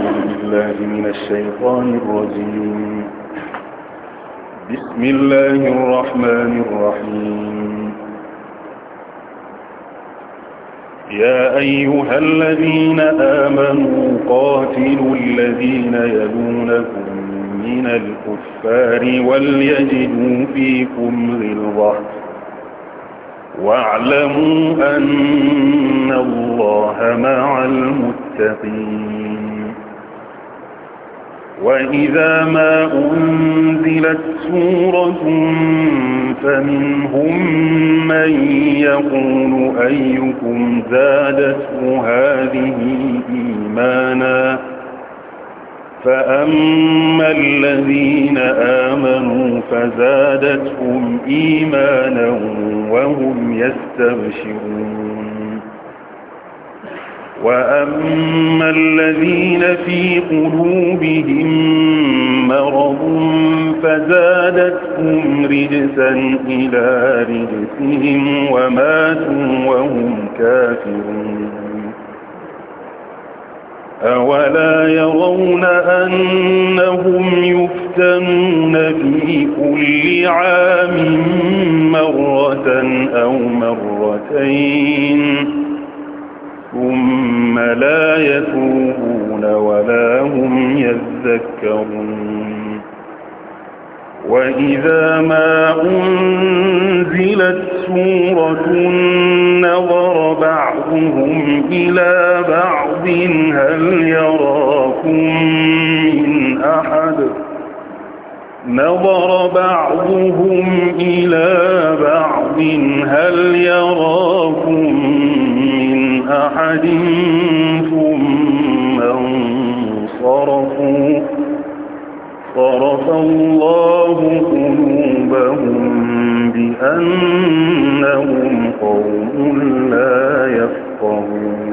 أعوذ بالله من الشيطان الرجيم بسم الله الرحمن الرحيم يا أيها الذين آمنوا قاتلوا الذين يلونكم من الكفار وليجدوا فيكم غلظة واعلموا أن الله مع المتقين وإذا ما أنزلت سورة فمنهم من يقول أيكم زادته هذه إيمانا فأما الذين آمنوا فزادتهم إيمانا وهم يستبشرون وأما الذين في قلوبهم مرض فزادتهم رجسا إلى رجسهم وماتوا وهم كافرون أولا يرون أنهم يفتنون في كل عام مرة أو مرتين ثم لا يتوبون ولا هم يذكرون وإذا ما أنزلت سورة نظر بعضهم إلى بعض هل يراكم من أحد نظر بعضهم إلى بعض هل يراكم من أحد ثم انصرفوا صرف الله قلوبهم بأنهم قوم لا يفقهون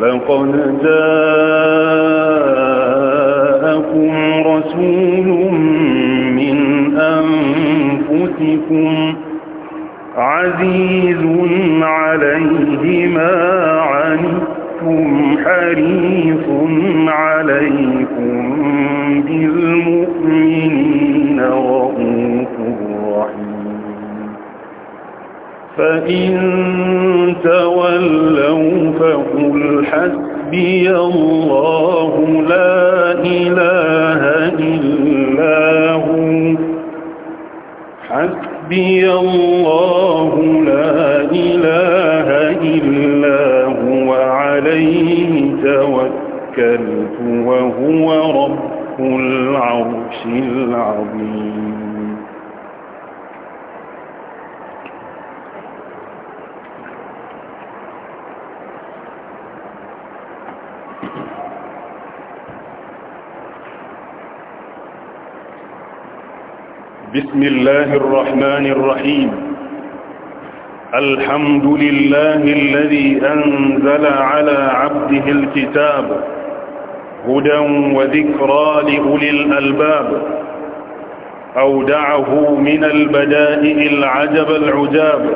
لقد جاءكم رسول من أنفسكم عزيز عليه ما عنتم حريص عليكم بالمؤمنين رؤوف رحيم فإن تولوا فقل حسبي الله لا إله إلا هو حسبي الله لا إله إلا هو عليه توكلت وهو رب العرش العظيم بسم الله الرحمن الرحيم الحمد لله الذي أنزل على عبده الكتاب هدى وذكرى لأولي الألباب أودعه من البدائل العجب العجاب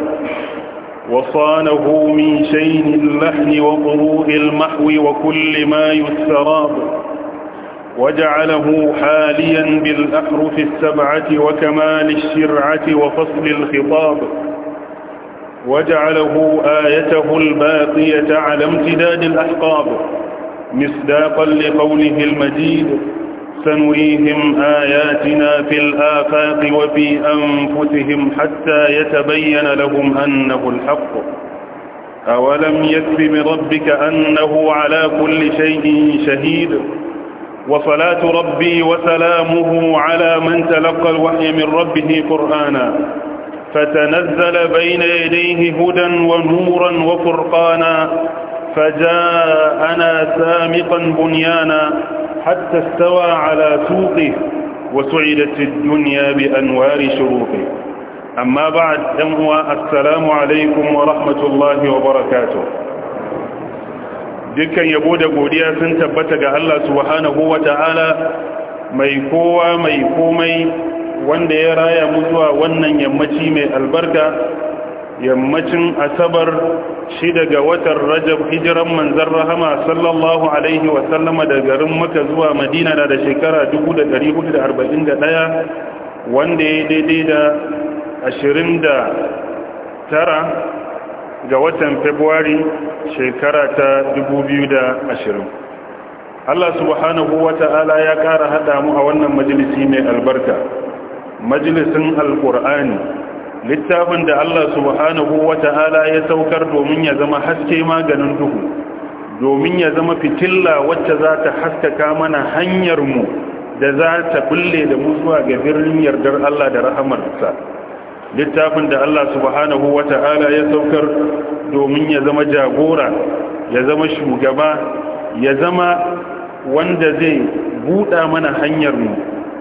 وصانه من شين اللحن وقروء المحو وكل ما يستراب وجعله حاليا بالأحرف السبعة وكمال الشرعة وفصل الخطاب وجعله آيته الباقية على امتداد الأحقاب مصداقا لقوله المجيد سنريهم آياتنا في الآفاق وفي أنفسهم حتى يتبين لهم أنه الحق أولم يكف بربك أنه على كل شيء شهيد وصلاة ربي وسلامه على من تلقى الوحي من ربه قرآنا فتنزل بين يديه هدى ونورا وفرقانا فجاءنا سامقا بنيانا حتى استوى على سوقه وسعدت الدنيا بأنوار شروقه أما بعد السلام عليكم ورحمة الله وبركاته dukkan yabo da godiya sun tabbata ga Allah subhanahu wata'ala mai kowa mai komai wanda ya raya mu zuwa wannan yammaci mai albarka yammacin asabar shi daga watan rajab hijiran manzan rahama sallallahu alaihi wasallama da garin maka zuwa madina na da shekara 1441 wanda ya daidai da tara. ga watan februari shekara ta 2020 Allah subhanahu wa ta'ala ya ƙara haɗa mu a wannan majalisi mai albarka majalisin alƙur'ani littafin da Allah subhanahu wa ta'ala ya saukar domin ya zama haske maganin duhu domin ya zama fitilla wacce za ta haskaka mana hanyar mu da za ta bulle da mu zuwa ga birnin yardar Allah da rahamarsa. littafin da Allah subhanahu ta'ala ya saukar domin ya zama jagora ya zama shugaba ya zama wanda zai buɗa mana hanyar mu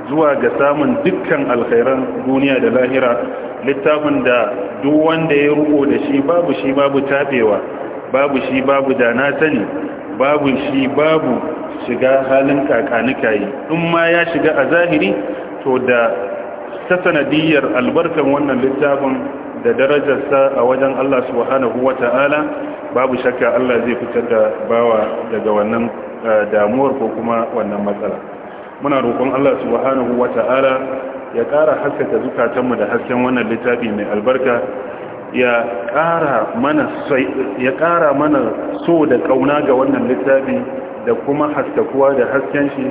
zuwa ga samun dukkan alkhairan duniya da lahira littafin da duk wanda ya ruko da shi babu shi babu tabewa babu shi babu dana sani babu shi babu shiga halin kakanikayi in ma ya shiga a zahiri to da ta sanadiyar albarkan wannan littafin da darajarsa a wajen Allah subhanahu wata'ala babu shakka Allah zai fitar da bawa daga wannan eh, damuwar ko kuma wannan matsala muna roƙon Allah subhanahu wata'ala ya ƙara haskaka zukatanmu da hasken wannan littafi mai albarka ya ƙara mana so da ƙauna ga wannan littafi da kuma haskakuwa da hasken shi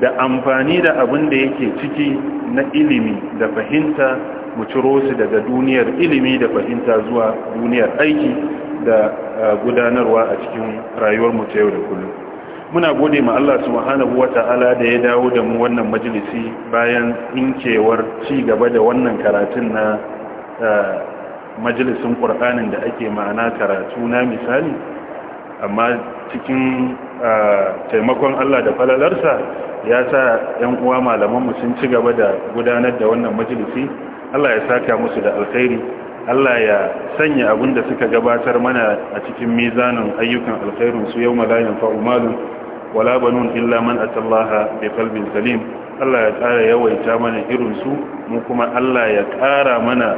da amfani da abin da yake ciki na ilimi da fahimta mu ciro su daga duniyar ilimi da fahimta zuwa duniyar aiki da gudanarwa a cikin rayuwar mu ta yau da kullum muna gode ma Allah subhanahu wata'ala da ya dawo da mu wannan majalisi bayan inkewar ci gaba da wannan karatun na majalisin Qur'anin da ake ma'ana karatu na misali amma cikin taimakon Allah da falalarsa ya sa ‘yan uwa malamanmu sun ci gaba da gudanar da wannan majalisi Allah ya saka musu da alkhairi Allah ya sanya abin da suka gabatar mana a cikin mizanin ayyukan alkhairin su yau malayan fa'umalun wala banun illa man atallaha bi qalbin salim Allah ya ƙara yawaita mana irin su mu kuma Allah ya ƙara mana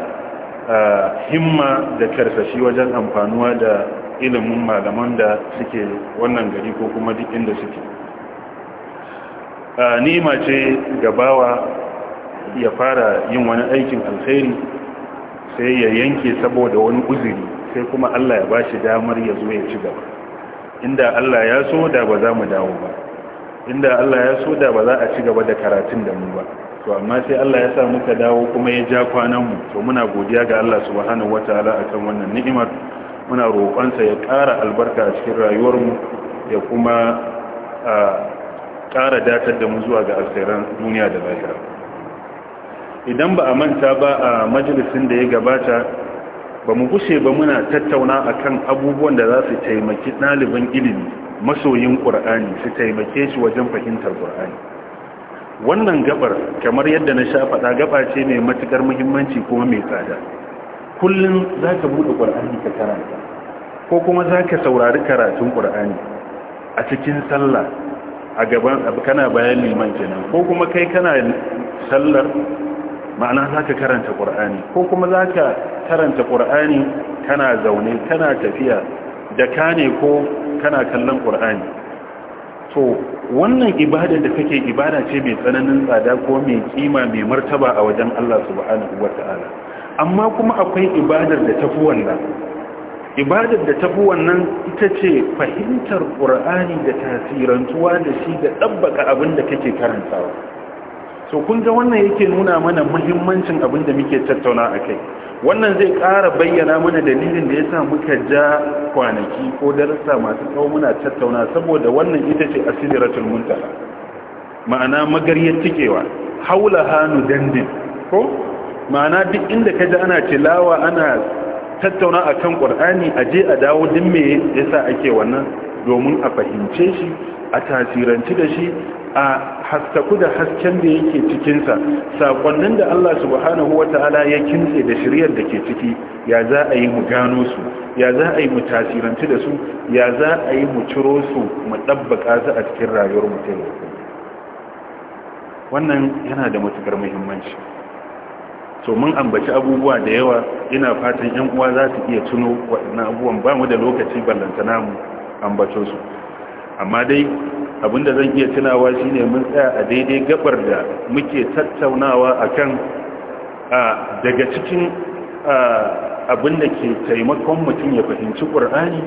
himma da karsashi wajen amfanuwa da ilimin malaman da suke wannan gari ko kuma duk inda suke ni'ima ce gabawa ya fara yin wani aikin alkhairi sai ya yanke saboda wani uzuri sai kuma Allah ya bashi damar ya zo ya ci gaba inda Allah ya so da ba za mu dawo ba inda Allah ya so da ba za a ci gaba da karatun da mu ba to amma sai Allah ya sa muka dawo kuma ya ja kwanan mu to muna godiya ga Allah subhanahu wataala akan wannan ni'imar muna roƙonsa ya ƙara albarka a cikin rayuwarmu ya kuma a ƙara datar da mu zuwa ga alkhairan duniya da lahira idan ba a manta ba a majalisin da ya gabata ba mu gushe ba muna tattauna a kan abubuwan da za su taimaki ɗaliban ilimi masoyin ƙur'ani su taimake shi wajen fahimtar ƙur'ani wannan gabar kamar yadda na sha faɗa gaba ce mai matuƙar muhimmanci kuma mai tsada kullum za ka buɗe ƙwar'ani ka karanta ko kuma za ka saurari karatun ƙwar'ani a cikin sallah a gaban kana bayan liman kenan ko kuma kai kana sallar ma'ana za ka karanta ƙwar'ani ko kuma za ka karanta ƙwar'ani kana zaune kana tafiya da ka ne ko kana kallon ƙwar'ani to wannan ibada da kake ibada ce mai tsananin tsada ko mai kima mai martaba a wajen Allah subhanahu ta'ala amma kuma akwai ibadar da tafi wannan ibadar da tafi wannan ita ce fahimtar ƙur'ani da tasirantuwa da shi da ɗabbaka abinda kake karantawa to kun ga wannan yake nuna mana muhimmancin abin da muke tattauna a kai wannan zai ƙara bayyana mana dalilin da ya sa muka ja kwanaki ko darasa masu tsawo muna tattauna saboda wannan ita ce asiratul muntaha ma'ana magaryar cikewa haula hanu dandin ko ma'ana duk inda ka ji ana tilawa ana tattauna a kan ƙwar'ani a je a dawo din me ya sa ake wannan domin a fahimce shi a tasiranci da shi a haskaku da hasken da yake cikinsa saƙonnin da allah subhanahu wa ta'ala ya kintse da shiryar da ke ciki ya za a yi mu gano su ya za a yi mu tasiranci da su ya za a yi mu ciro su mu ɗabbaƙa su a cikin rayuwar mutum wannan yana da matuƙar muhimmanci to mun ambaci abubuwa da yawa ina fatan yan uwa za su iya tuno waɗannan abubuwan ba mu da lokaci ballanta namu ambato su amma dai abinda zan iya tunawa shine mun tsaya a daidai gabar da muke tattaunawa akan daga cikin abin da ke taimakon mutum ya fahimci ƙur'ani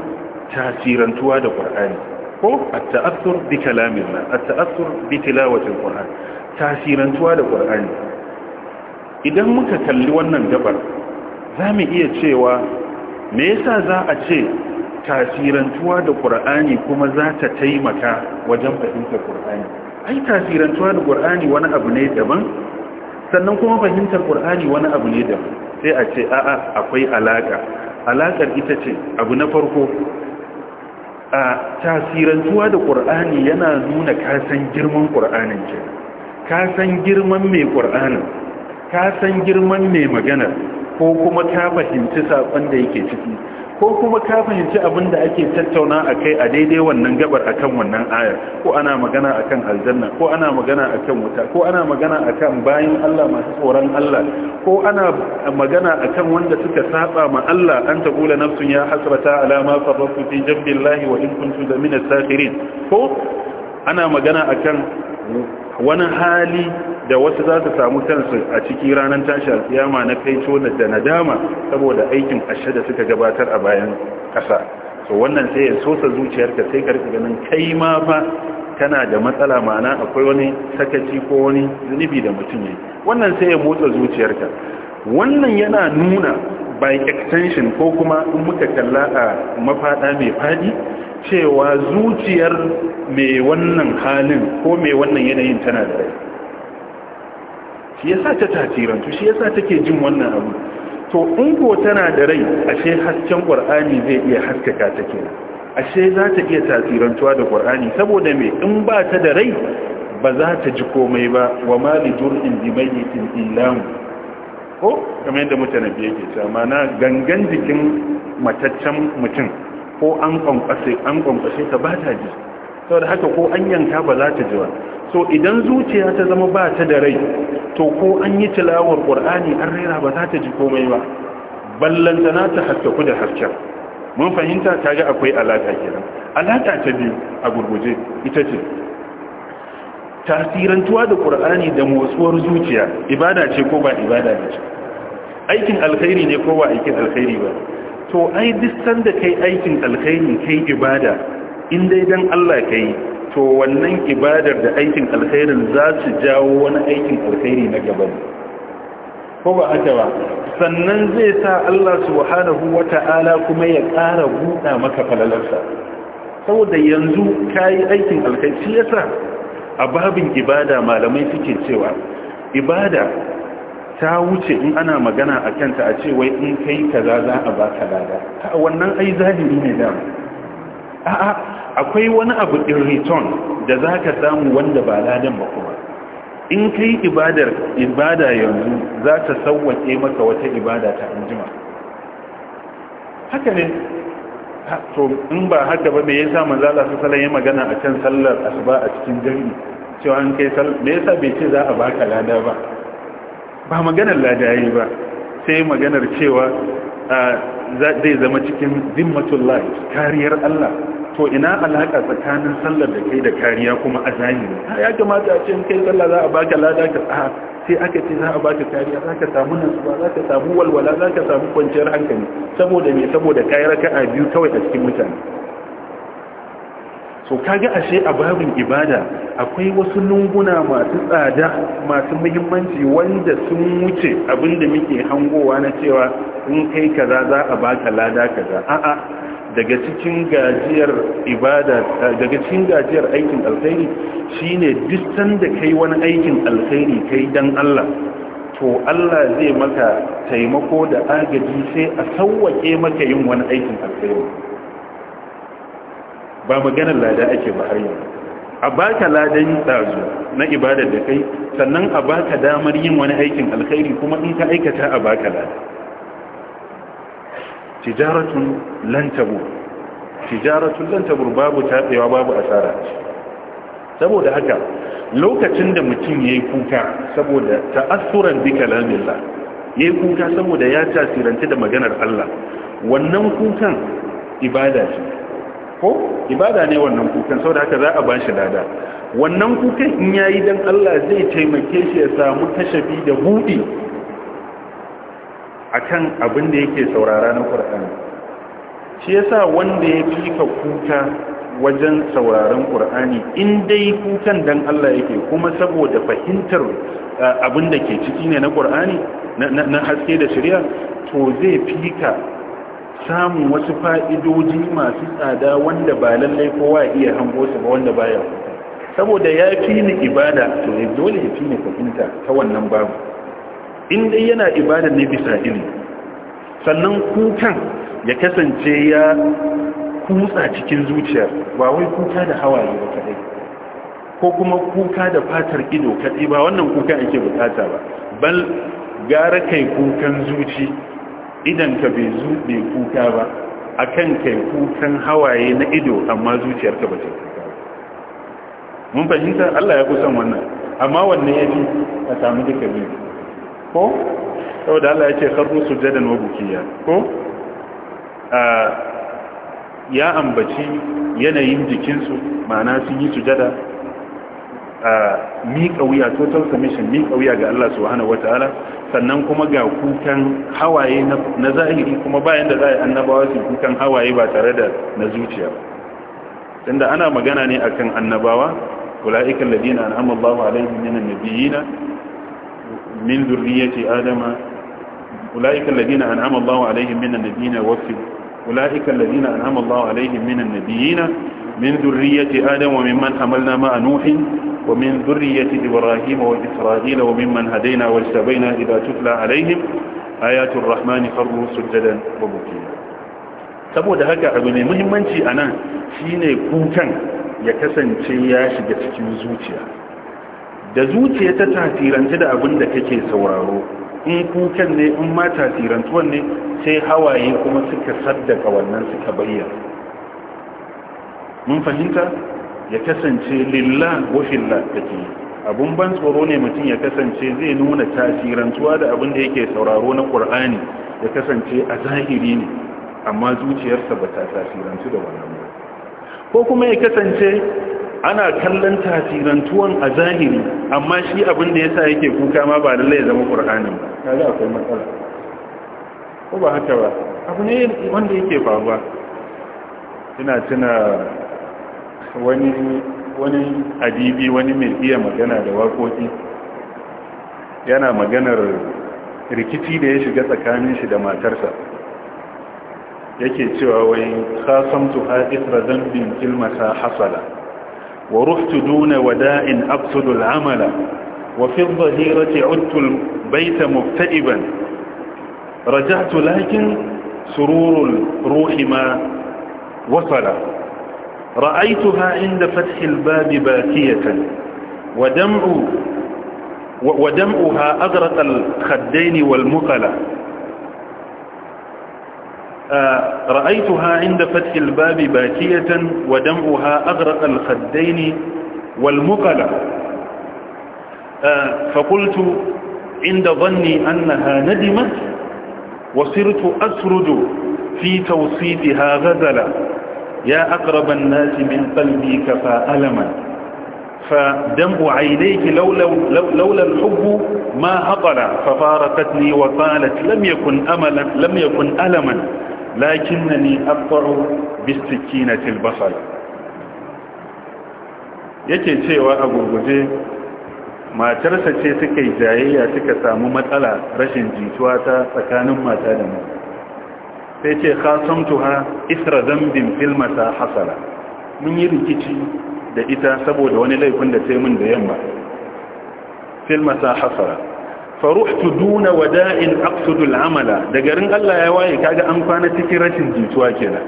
tasirantuwa da ƙur'ani ko at-ta'assur bi kalamillah at-ta'assur bi tilawatil qur'an tasirantuwa da ƙur'ani idan muka kalli wannan gabar za mu iya cewa me yasa za a ce tasirantuwa da ƙur'ani kuma za ta taimaka wajen fahimtar ƙur'ani ai tasirantuwa da ƙur'ani wani abu ne daban sannan kuma fahimtar ƙur'ani wani abu ne daban sai a ce a'a akwai alaƙa alaƙar ita ce abu na farko a tasirantuwa da ƙur'ani yana nuna kasan girman ƙur'anin ce kasan girman mai ƙur'anin Ka san girman mai maganar ko kuma ta fahimci saƙon da yake ciki ko kuma ka fahimci abin da ake tattauna a kai a daidai wannan gabar a kan wannan ayar ko ana magana a kan aljanna ko ana magana a kan wuta ko ana magana a kan bayan Allah masu tsoron Allah ko ana magana a kan wanda suka saba ma Allah an kula nafsun ya hasrata ala ma farratu fi jambillahi wa in kuntu minas sakhirin ko ana magana a kan. wani hali da wasu za su samu kansu a ciki ranar tashi alkiyama na kaito da nadama saboda aikin ashe da suka gabatar a bayan ƙasa so wannan sai ya sosa zuciyarka sai karfi ganin kai ma fa kana da matsala mana akwai wani sakaci ko wani zunubi da mutum ne wannan sai ya motsa zuciyarka wannan yana nuna by extension ko kuma in muka kalla a mafada mai fadi cewa zuciyar mai wannan halin ko mai wannan yanayin tana da rai shi yasa ta tasirantu shi yasa take jin wannan abu to in ko tana da rai ashe hasken qur'ani zai iya haskaka ta kenan ashe za ta iya tasirantuwa da qur'ani saboda me in ba ta da rai ba za ta ji komai ba wa ma jur'in bi mayyitin ko kamar yadda mutane biye ke ta mana gangan jikin mataccen mutum ko an kwankwase an kwankwase ta ba ta ji saboda haka ko an yanka ba za ta ji ba so idan zuciya ta zama ba ta da rai to ko an yi tilawar qur'ani an rera ba za ta ji komai ba na ta ku da hasken mun fahimta ta ga akwai alaka kenan alaka ta biyu a gurguje ita ce tasirantuwa da ƙur'ani da motsuwar zuciya ibada ce ko ba ibada ce aikin alkhairi ne ko ba aikin alkhairi ba to ai distan da kai aikin alkhairi kai ibada in dai dan Allah kai to wannan ibadar da aikin alkhairin za su jawo wani aikin alkhairi na gaba ko ba haka ba sannan zai sa Allah subhanahu wata'ala kuma ya ƙara buɗa maka falalarsa saboda yanzu kayi aikin alkhairi shi yasa a babin ibada malamai suke cewa ibada ta wuce in ana magana a kanta a ce wai in kai kaza za a ba ka lada ta wannan ai zahiri ne dama a'a akwai wani abu in return da za ka samu wanda ba ladan ba kuma in kai ibadar ibada yanzu za ta sauwaƙe maka wata ibada ta anjima haka ne to in ba haka ba me yasa manzala su sallallahu ya magana a kan sallar asuba a cikin jami'i cewa in kai sallar me yasa bai ce za a baka lada ba ba maganar ladayi ba sai maganar cewa zai zama cikin zimmatullah kariyar Allah to ina alaka tsakanin sallar da kai da kariya kuma a zahiri ya kamata a ce kai sallah za a baka ladaka a sai aka ce za a baka kariya za ka samu nasuwa za ka samu walwala za ka samu kwanciyar hankali saboda me saboda ka a biyu kawai a cikin mutane so kaga ashe a babin ibada akwai wasu lunguna masu tsada masu muhimmanci wanda sun wuce abinda muke hangowa na cewa in kai kaza za a baka lada kaza a'a daga cikin gajiyar ibada daga cikin gajiyar aikin alkhairi shine duk sanda kai wani aikin alkhairi kai dan Allah to Allah zai maka taimako da agaji sai a sauwake maka yin wani aikin alkhairi ba maganar lada ake ba har yau a baka ladan tsazo na ibadar da kai sannan a baka damar yin wani aikin alkhairi kuma in ka aikata a baka lada tijaratun lantabur tijaratun lan babu tabewa babu asara saboda haka lokacin da mutum yayi kuka saboda ta'assuran bi kalamillah yayi kuka saboda ya tasiranci da maganar Allah wannan kukan ibada ce ko ibada ne wannan kukan saboda haka za a ba shi lada wannan kukan in yayi dan Allah zai taimake shi ya samu tashafi da buɗi akan abin da yake saurara na Qur'ani shi yasa wanda ya fika kuka wajen sauraron ƙur'ani in dai kukan dan Allah yake kuma saboda fahimtar eh, abin da ke ciki ne na Qur'ani na haske da shari'a to zai fika. samun wasu fa'idoji masu tsada wanda ba lallai kowa iya hango su ba wanda baya saboda ya fi ni ibada to ya dole ya fi ni fahimta ta wannan babu in dai yana ibada ne bisa ilimi sannan kukan ya kasance ya kutsa cikin zuciyar ba wai kuka da hawaye ba kadai ko kuma kuka da fatar ido kadai ba wannan kuka ake bukata ba bal gara kai kukan zuci idan ka bai zu bai kuka ba a kan kai kukan hawaye na ido amma zuciyarka ba ta kuka mun fahimta Allah ya kusan wannan amma wanne yafi ka samu duka biyu ko saboda Allah ya ce kharru sujadan wa bukiya ko ya ambaci yanayin jikinsu ma'ana sun yi sujada A miƙa wuya total commission miƙa wuya ga Allah subhanahu ta'ala sannan kuma ga kukan hawaye na zahiri kuma bayan da za a annabawa su kukan hawaye ba tare da na zuciya tunda ana magana ne akan annabawa ula'ikan ladina an'ama Allahu alaihim minan nabiyina min zurriyyati adama ula'ikan ladina an'ama Allahu alaihim minan nabiyina wa أولئك الذين أنعم الله عليهم من النبيين من ذرية آدم وممن حملنا مع نوح ومن ذرية إبراهيم وإسرائيل وممن هدينا واجتبينا إذا تتلى عليهم آيات الرحمن خروا سجدا وبكيا saboda haka abu ne muhimmanci a nan shine kukan ya kasance ya shiga cikin zuciya da zuciya ta tasiranci da abin da kake sauraro in kukan ne in ma tasirantuwan ne sai hawaye kuma suka saddaka wannan suka bayyana mun fahimta ya kasance lillah wa fillah take abun ban tsoro ne mutum ya kasance zai nuna tasirantuwa da abin da yake sauraro na qur'ani ya kasance a zahiri ne amma zuciyarsa ba ta tasirantu da wannan ba ko kuma ya kasance ana kallon tasirantuwan a zahiri amma shi abin da ya sa yake kuka ma ba lallai ya zama ƙur'ani ba zai akwai matsala ko ba haka ba abu ne wanda yake faruwa ina tuna wani wani adibi wani mai iya magana da wakoki yana maganar rikici da ya shiga tsakanin shi da matarsa yake cewa wai khasamtu ha isra bin kilmata hasala ورحت دون وداء أقصد العمل وفي الظهيرة عدت البيت مكتئبا رجعت لكن سرور الروح ما وصل رأيتها عند فتح الباب باكية ودمع ودمعها أغرق الخدين والمقلة آه، رأيتها عند فتح الباب باكية ودمعها أغرق الخدين والمقلة آه، فقلت عند ظني أنها ندمت وصرت أسرد في توصيفها غزلا يا أقرب الناس من قلبي كفى ألما فدمع عينيك لولا, لو لولا الحب ما هطل ففارقتني وقالت لم يكن, أملا لم يكن ألما lakinnani aqta'u bisakinati albasar yake cewa a gurguje matarsa ce suka yi jayayya suka samu matsala rashin jituwa ta tsakanin mata da mu sai ce khasamtuha isra dambin fil mata hasala mun yi rikici da ita saboda wani laifin da ta yi min da yamma fil mata hasala faruhtu duna wada'in aqsudul amala da garin Allah ya waye kaga an kwana cikin rashin jituwa kenan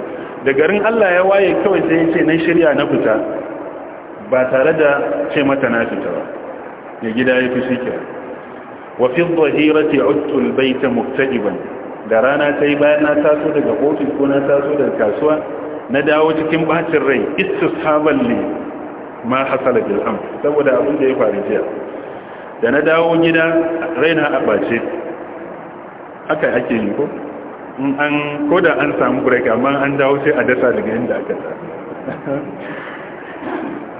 da garin Allah ya waye kawai sai yace nan shirya na fita ba tare da ce mata na fita ba ya gida ya fi shike wa fi dhahirati uttu albayt muftajiban da rana sai bayan na taso daga ofis ko na taso daga kasuwa na dawo cikin bacin rai istishaban ne ma hasala bil amr saboda abin da ya faru jiya da na dawo gida raina a ɓace haka ake yi ko an koda an samu break amma an dawo sai a dasa daga inda aka ta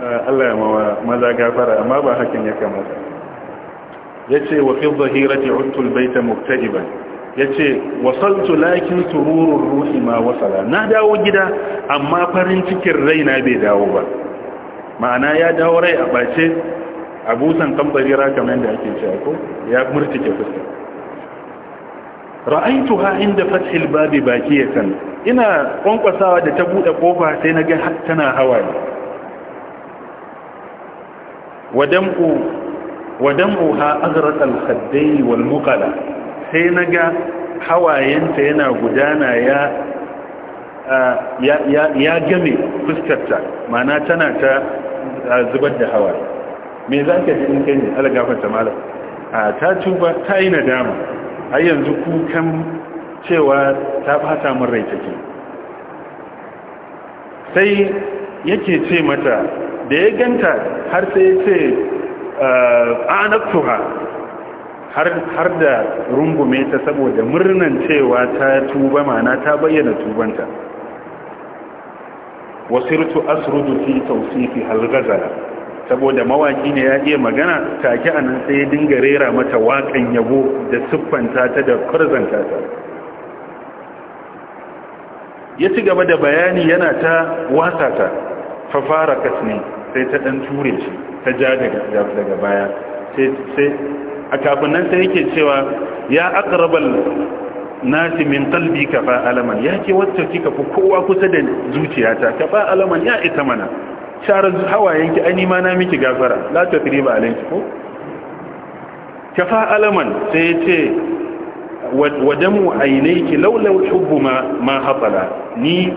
Allah ya mawa maza gafara amma ba hakan ya kamata yace wa fi zahirati utul baita muktajiban yace wasaltu lakin sururur ruhi ma wasala na dawo gida amma farin cikin raina bai dawo ba ma'ana ya dawo rai a bace a busan tambarira kamar da ake cewa ko ya murtike fuska ha inda fathil babi bakiyatan ina kwankwasawa da ta bude kofa sai ga tana hawaye wadam'u wadam'uha azrat al-khadday wal muqala sai naga hawayenta yana gudana ya ya ya game fuskarta ma'ana tana ta zubar da hawaye me za ka ji in kai ne malam a ta tuba ta yi nadama har yanzu kukan cewa ta fata min rai take sai yake ce mata da ya ganta har sai ya ce anaktuha har da rungume ta saboda murnan cewa ta tuba mana ta bayyana tubanta wasirtu asrudu fi tawsifi halgazara saboda mawaki ne ya iya magana take a nan sai ya dinga rera mata wakan yabo da siffanta ta da kurzanta ta ya ci gaba da bayani yana ta wasa ta fafara kasne sai ta ɗan ture shi ta ja daga baya sai a kafin nan sai yake cewa ya aka nasi min kalbi ka alaman ya ke wacce kika fi kowa kusa da zuciyata ka alaman ya ita mana share hawayenki an ma na miki gafara la ta tsiri ba alayki ko kafa alaman sai ya ce wa damu ainihi laulau hubbu ma ma hafala ni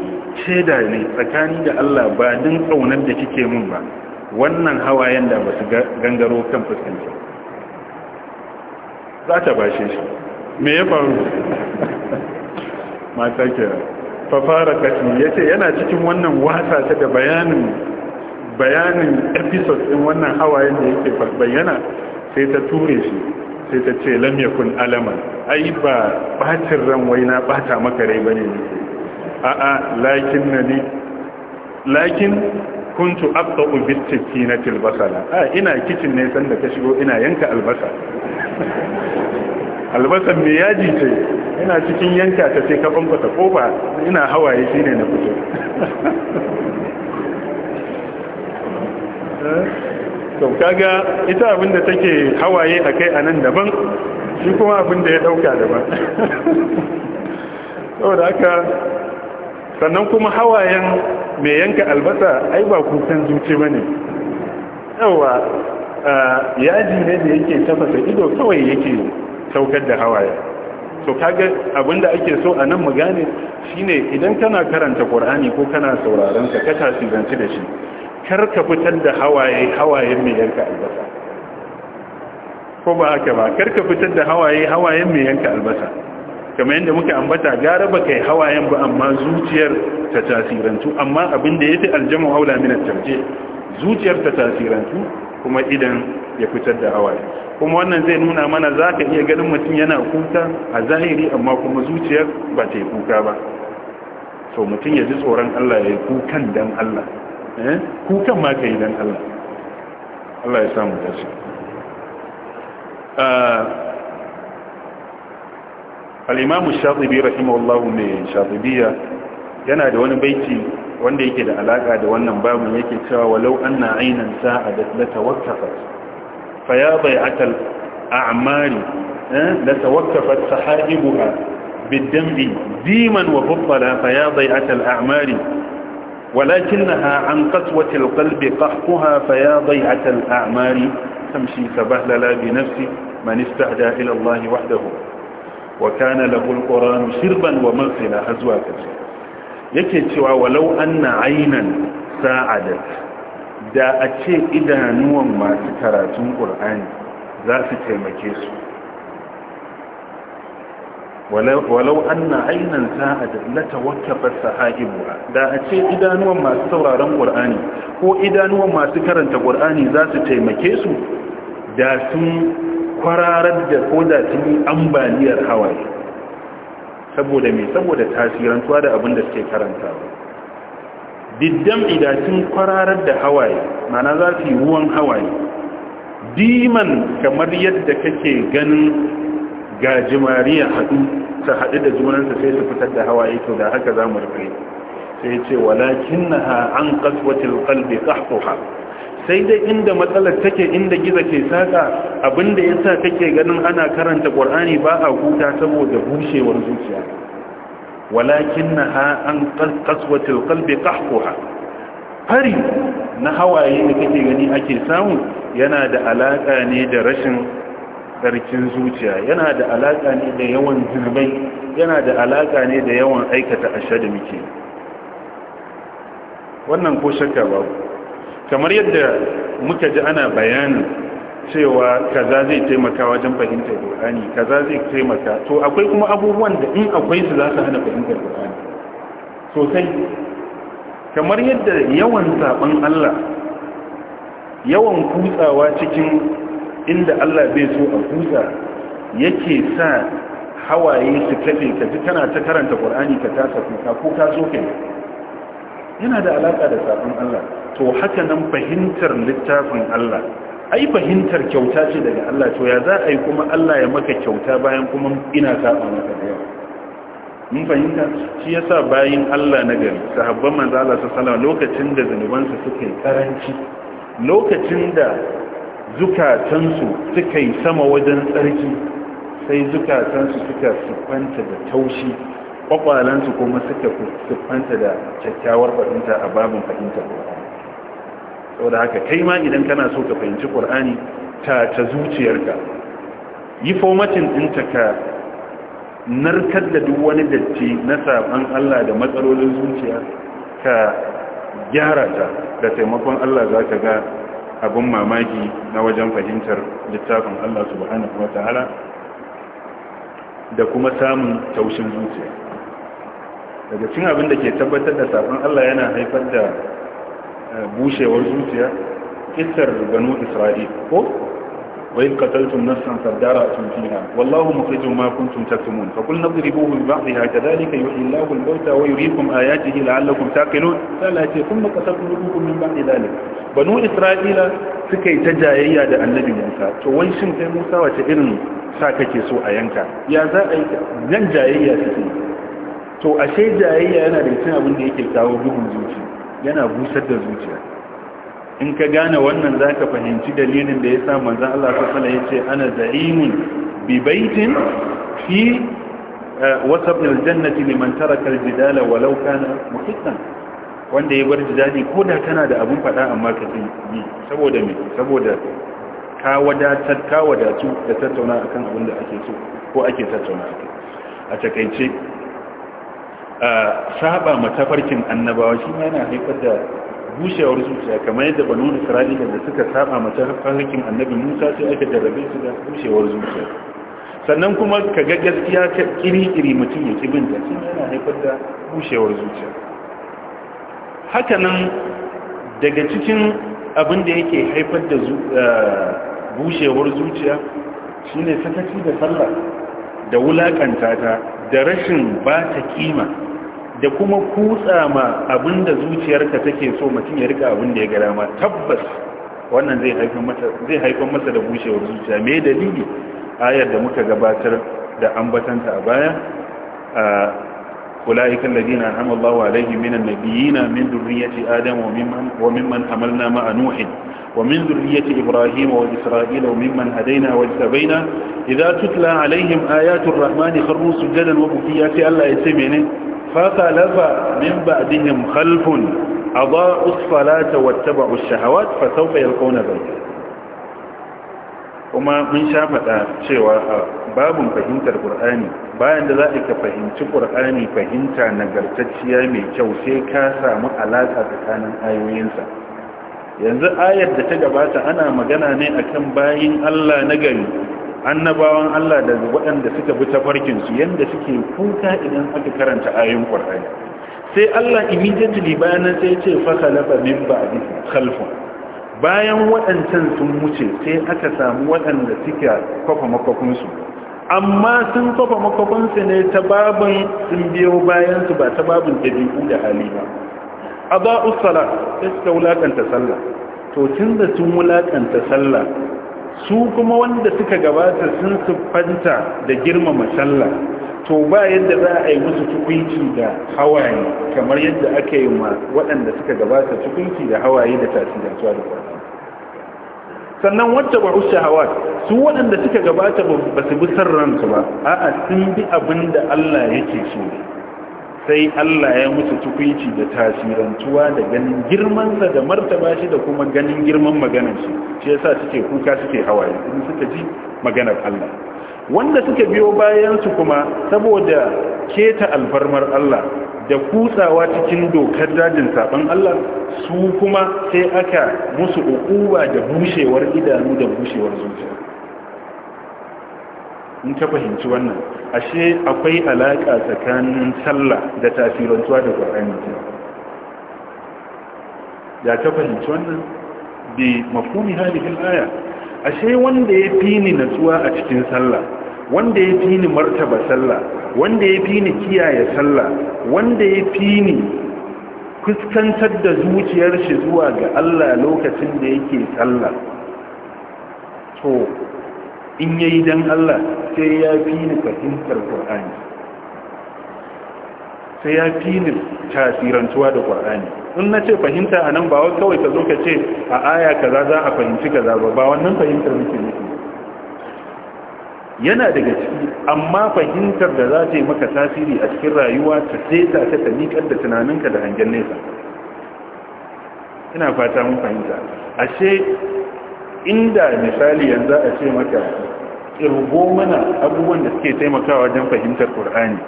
shaida ne tsakani da Allah ba din tsaunar da kike mun ba wannan hawayen da ba su gangaro kan fuskanci za ta bashe shi me ya faru mata ke kashi. ya ce yana cikin wannan wasa ta da bayanin bayanin episode din wannan hawayen da yake bayyana sai ta ture shi sai ta ce lam yakun alaman ai ba bacin ran waina bata maka rai bane a a lakin nadi lakin kuntu abda'u bisikinatil basala a ina kitchen ne sanda ka shigo ina yanka albasa albasan me yaji ce ina cikin yanka ta sai ka bambata ba ina hawaye shine na fito to kaga ita abinda take hawaye a kai a daban shi kuma abinda ya dauka daban saboda haka sannan kuma hawayen mai yanka albasa ai ba kukan zuci ba ne yawa yaji ne da yake tafasa ido kawai yake saukar da hawaye to kaga abinda ake so a nan mu gane shine idan kana karanta qur'ani ko kana sauraron sa ka tasirance da shi kar ka fitar da hawaye hawayen mai yanka albasa ko ba haka ba karka fitar da hawaye hawayen mai yanka albasa kamar yadda muka ambata gara ba kai hawayen ba amma zuciyar ta tasirantu amma abin da ya fi aljamu haula min tarje zuciyar ta tasirantu kuma idan ya fitar da hawaye kuma wannan zai nuna mana za ka iya ganin mutum yana kuka a zahiri amma kuma zuciyar ba ta yi kuka ba to mutum ya ji tsoron Allah ya yi kukan dan Allah Eh? kukan ma ka yi Allah Allah ya samu dace ah, al'imamu shatsibi rahimahullahu mai shatsibiya yana da wani baiti wanda yake da alaƙa da wannan babu yake cewa walau an na ainihin sa'a da latawakafat faya bai atal a'amari eh, latawakafat saha'ibuha biddambi ziman wa fuffala faya bai atal a'amari ولكنها عن قسوة القلب قحطها فيا ضيعة الأعمال تمشي سبهللا بنفسي من استهدى إلى الله وحده وكان له القرآن شربا ومغسلا أزواجا yake cewa walau anna ainan sa'adat da a ce idanuwan masu karatun ƙur'ani za su taimake su walau anna ainan sa'ad la tawakkafat saha'ibuha da a ce idanuwan masu sauraron qur'ani ko idanuwan masu karanta ƙur'ani za su taimake su da sun kwararar da ko da sun yi ambaliyar hawaye saboda me saboda tasirantuwa da abin da suke karanta diddam idatun kwararar da hawaye mana za su yi ruwan hawaye diman kamar yadda kake ganin gajimari ya haɗu ta haɗu da junansa sai su fitar da hawaye to da haka za mu rufe sai ce walakin na an kaswatil kalbi kahtuha sai dai inda matsalar take inda giza ke saka abinda yasa kake ganin ana karanta ƙwar'ani ba a huta saboda bushewar zuciya walakin na an kaswatil kalbi kahtuha fari na hawaye da kake gani ake samu yana da alaƙa ne da rashin sarkin zuciya yana da alaƙa ne da yawan zirbai yana da alaƙa ne da yawan aikata ashe da muke wannan ko shakka ba kamar yadda muka ji ana bayanin cewa kaza zai taimaka wajen fahimtar Qur'ani kaza zai taimaka to akwai kuma abubuwan da in akwai su za su hana fahimtar Qur'ani sosai kamar yadda yawan zaben Allah yawan kutsawa cikin inda Allah bai so a kusa yake sa hawaye su kafe ka ji tana ta karanta ƙorani ka tasa kuka ko ka so kai yana da alaƙa da sabon Allah to haka nan fahimtar littafin Allah ai fahimtar kyauta ce daga Allah to ya za a yi kuma Allah ya maka kyauta bayan kuma ina saba maka da yawa mun fahimta shi yasa bayin Allah na gari sahabban manzo Allah sallallahu lokacin da zanubansu suke karanci lokacin da zukatansu suka yi sama wajen tsarki sai zukatansu suka siffanta da taushi kwakwalansu kuma suka siffanta da kyakkyawar fahimta a babin fahimtar sau da haka kai ma idan kana so ka fahimci ƙwararri ta ta zuciyarka yi fomacin ɗinta ka narkar da duk wani datti na saban Allah da matsalolin zuciya ka gyara ta da taimakon Allah za ka ga abun mamaki na wajen fahimtar littafin Allah subhanahu ta'ala da kuma samun taushin zuciya daga cin abin da ke tabbatar da safin Allah yana haifar da eh, bushewar zuciya kisar ganu israi ko wa in qataltum nafsan fadara'tum fiha wallahu mukhrijum ma kuntum taktumun fa qulna idribuhu bi ba'dihha kadhalika yuhyi Allahu al-mauta wa yuriikum ayatihi la'allakum taqilun sala ce kuma qasat qulubukum min ba'di dhalik isra'ila suka ta jayayya da annabi Musa to wai kai Musa wace irin sa kake so a yanka ya za a yi nan jayayya to ashe jayayya yana da abin da yake kawo duhun zuci yana busar da zuciya in ka gane wannan za ka fahimci dalilin da ya sa manzan Allah sassana ya ce ana za'imun bibaitin fi eh, wasab aljannati liman taraka aljidala walau kana muhittan wanda ya bar jidali ko da kana da abin fada amma ka yi saboda me saboda ka wadatar da tattauna akan abin da ake so ko ake tattauna a takaice saba matafarkin annabawa shi ma yana haifar da bushewar zuciya kamar yadda banu isra'ila da suka saba matafarkin annabi musa sai aka jarrabe su da bushewar zuciya sannan kuma ka ga gaskiya ta kiri-kiri mutum ya kibin da shi yana haifar da bushewar zuciya hakanan daga cikin abin da yake haifar da bushewar zuciya shine sakaci da sallah da wulakanta ta da rashin ba ta kima da kuma kutsa ma abinda zuciyarka take so mutum ya rika abinda ya ga tabbas wannan zai haifan masa da bushewar zuciya me dalili ayar da muka gabatar da ambatanta a baya أولئك الذين أنعم الله عليهم من النبيين من ذرية آدم وممن, وممن حملنا مع نوح ومن ذرية إبراهيم وإسرائيل وممن هدينا واجتبينا إذا تتلى عليهم آيات الرحمن خروا سجدا Allah ya ce يسمعني fatalafa min ba'dihim khalfun adaa'u as-salata wattaba'u ash-shahawat fa sawfa yalqawna kuma mun sha faɗa cewa a fahimtar ƙur'ani bayan da za ka fahimci ƙur'ani fahimta nagartacciya mai kyau sai ka samu alaƙa tsakanin ayoyinsa yanzu ayar da ta gabata ana magana ne akan bayin allah na gari annabawan Allah da waɗanda suka bi tafarkinsu yadda suke kuka idan aka karanta ayoyin ƙwararri sai Allah immediately bayanan sai ce fasalafa min ba'di khalfun bayan waɗancan sun wuce sai aka samu waɗanda suke kwafa makwakunsu amma sun kwafa makwakunsu ne ta babin sun biyo bayansu ba ta babin ɗabi'u da hali ba a ba'u sala sai suka wulaƙanta sallah to tun da sun wulaƙanta sallah su kuma wanda suka gabata sun siffanta da girmama sallah to ba yadda za a yi musu cikinci da hawaye kamar yadda aka yi ma waɗanda suka gabata cikinci da hawaye da tasirantuwa da kwanan sannan wacce ba rushe hawa su waɗanda suka gabata ba su bi son ba a'a sun bi abin da Allah yake so sai Allah ya musu tukunci da tasirantuwa da ganin girmansa da martaba shi da kuma ganin girman maganar shi shi yasa suke kuka suke hawaye in suka ji maganar Allah wanda suka biyo bayan su kuma saboda keta alfarmar Allah da kutsawa cikin dokar dajin saban Allah su kuma sai aka musu uquba da bushewar idanu da bushewar zuciya in ta fahimci wannan ashe akwai alaƙa tsakanin sallah da tasirantuwa da ƙwararren ya ta fahimci wannan bi mafumi halihin aya ashe wanda ya fi ni natsuwa a cikin sallah wanda ya fi ni martaba sallah wanda ya fi ni kiyaye sallah wanda ya fi ni kuskantar da zuciyar shi zuwa ga Allah lokacin da yake sallah to in yayi dan Allah sai ya fi ni fahimtar Qur'ani sai ya fi ni tasirantuwa da Qur'ani in na ce fahimta a nan ba wai kawai ka zo ka ce a aya kaza za a fahimci kaza ba ba wannan fahimtar muke nufi yana daga ciki amma fahimtar da za ta yi maka tasiri a cikin rayuwa ta seta ta ta miƙar da tunaninka da hangen nesa ina fata mun fahimta ashe inda misali yanzu a ce maka irgo mana abubuwan da suke taimakawa wajen fahimtar Qur'ani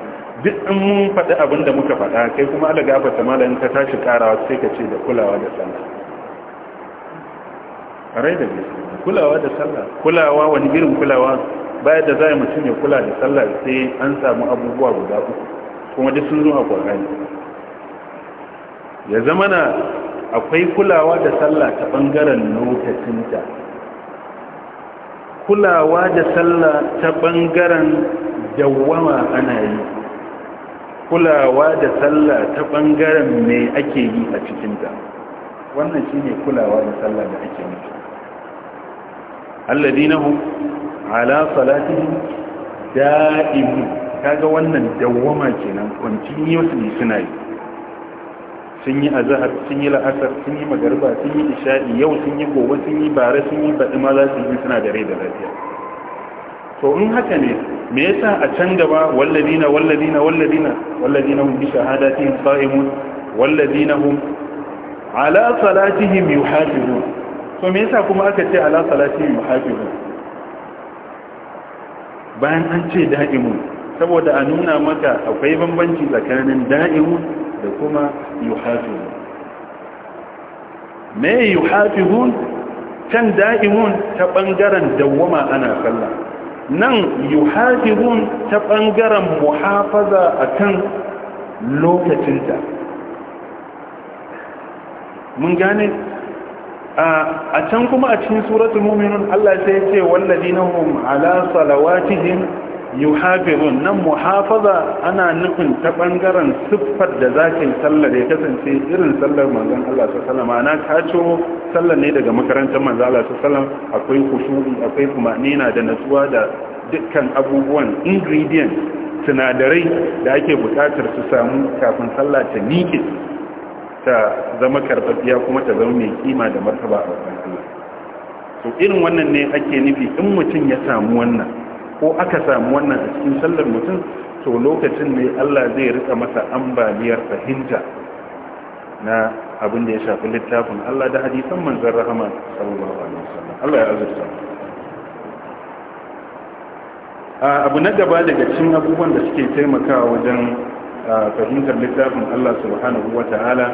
duk in mun faɗi abin da muka faɗa kai kuma ala gafa ta malamin ka tashi karawa sai ka ce da kulawa da sallah rai da kulawa da sallah kulawa wani irin kulawa bayan da zai mutum ya kula da sallah sai an samu abubuwa guda uku kuma duk sun zo a ya zama na akwai kulawa da sallah ta bangaren lokacinta kulawa da sallah ta ɓangaren dawwama ana yi kulawa da sallah ta ɓangaren me ake yi a cikinta wannan shi kulawa da sallah da ake nufi alladinahu ala salati da'imu kaga wannan dawwama kenan ne suna yi sun yi azahar sun yi la'asar sun yi magarba sun yi isha'i yau sun yi gobe sun yi bare sun yi baɗi ma za su yi suna da rai da lafiya to in haka ne me yasa a can gaba walladina walladina walladina walladina hum bi shahadatihim qa'imun walladina hum ala salatihim yuhafizun to me yasa kuma aka ce ala salatihim yuhafizun bayan an ce da'imun saboda a nuna maka akwai bambanci tsakanin da'imun da kuma yuhafizun me yuhafizun can da'imun ta bangaren dawwama ana sallah nan yuhafizun ta bangaren muhafaza akan lokacinta mun gane a can kuma a cikin suratul mu'minun Allah sai ya ce wallazina hum ala salawatihim yuhafizun nan muhafaza ana nufin ta bangaren siffar da za ka yi sallar ya kasance irin sallar manzon Allah su salama na kaco sallar ne daga makarantar manzon Allah su salam akwai kushuri akwai kumanina da natsuwa da dukkan abubuwan ingredient sinadarai da ake bukatar su samu kafin sallah ta miƙe ta zama karfafiya kuma ta zama mai kima da martaba a wannan to irin wannan ne ake nufi in mutum ya samu wannan ko aka samu wannan a cikin sallar mutum to lokacin ne Allah zai rika masa ambaliyar fahimta na abin da ya shafi littafin Allah da hadisan manzon rahama sallallahu alaihi wasallam Allah ya azurta abu na gaba daga cikin abubuwan da suke taimakawa wajen fahimtar littafin Allah subhanahu wata'ala